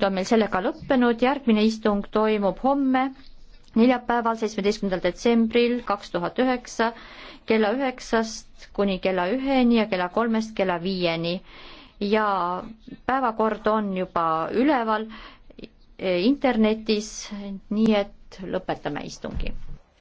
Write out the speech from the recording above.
nüüd on meil sellega lõppenud, järgmine istung toimub homme, neljapäeval, seitsmeteistkümnendal detsembril kaks tuhat üheksa kella üheksast kuni kella üheni ja kella kolmest kella viieni. ja päevakord on juba üleval eh, internetis, nii et lõpetame istungi.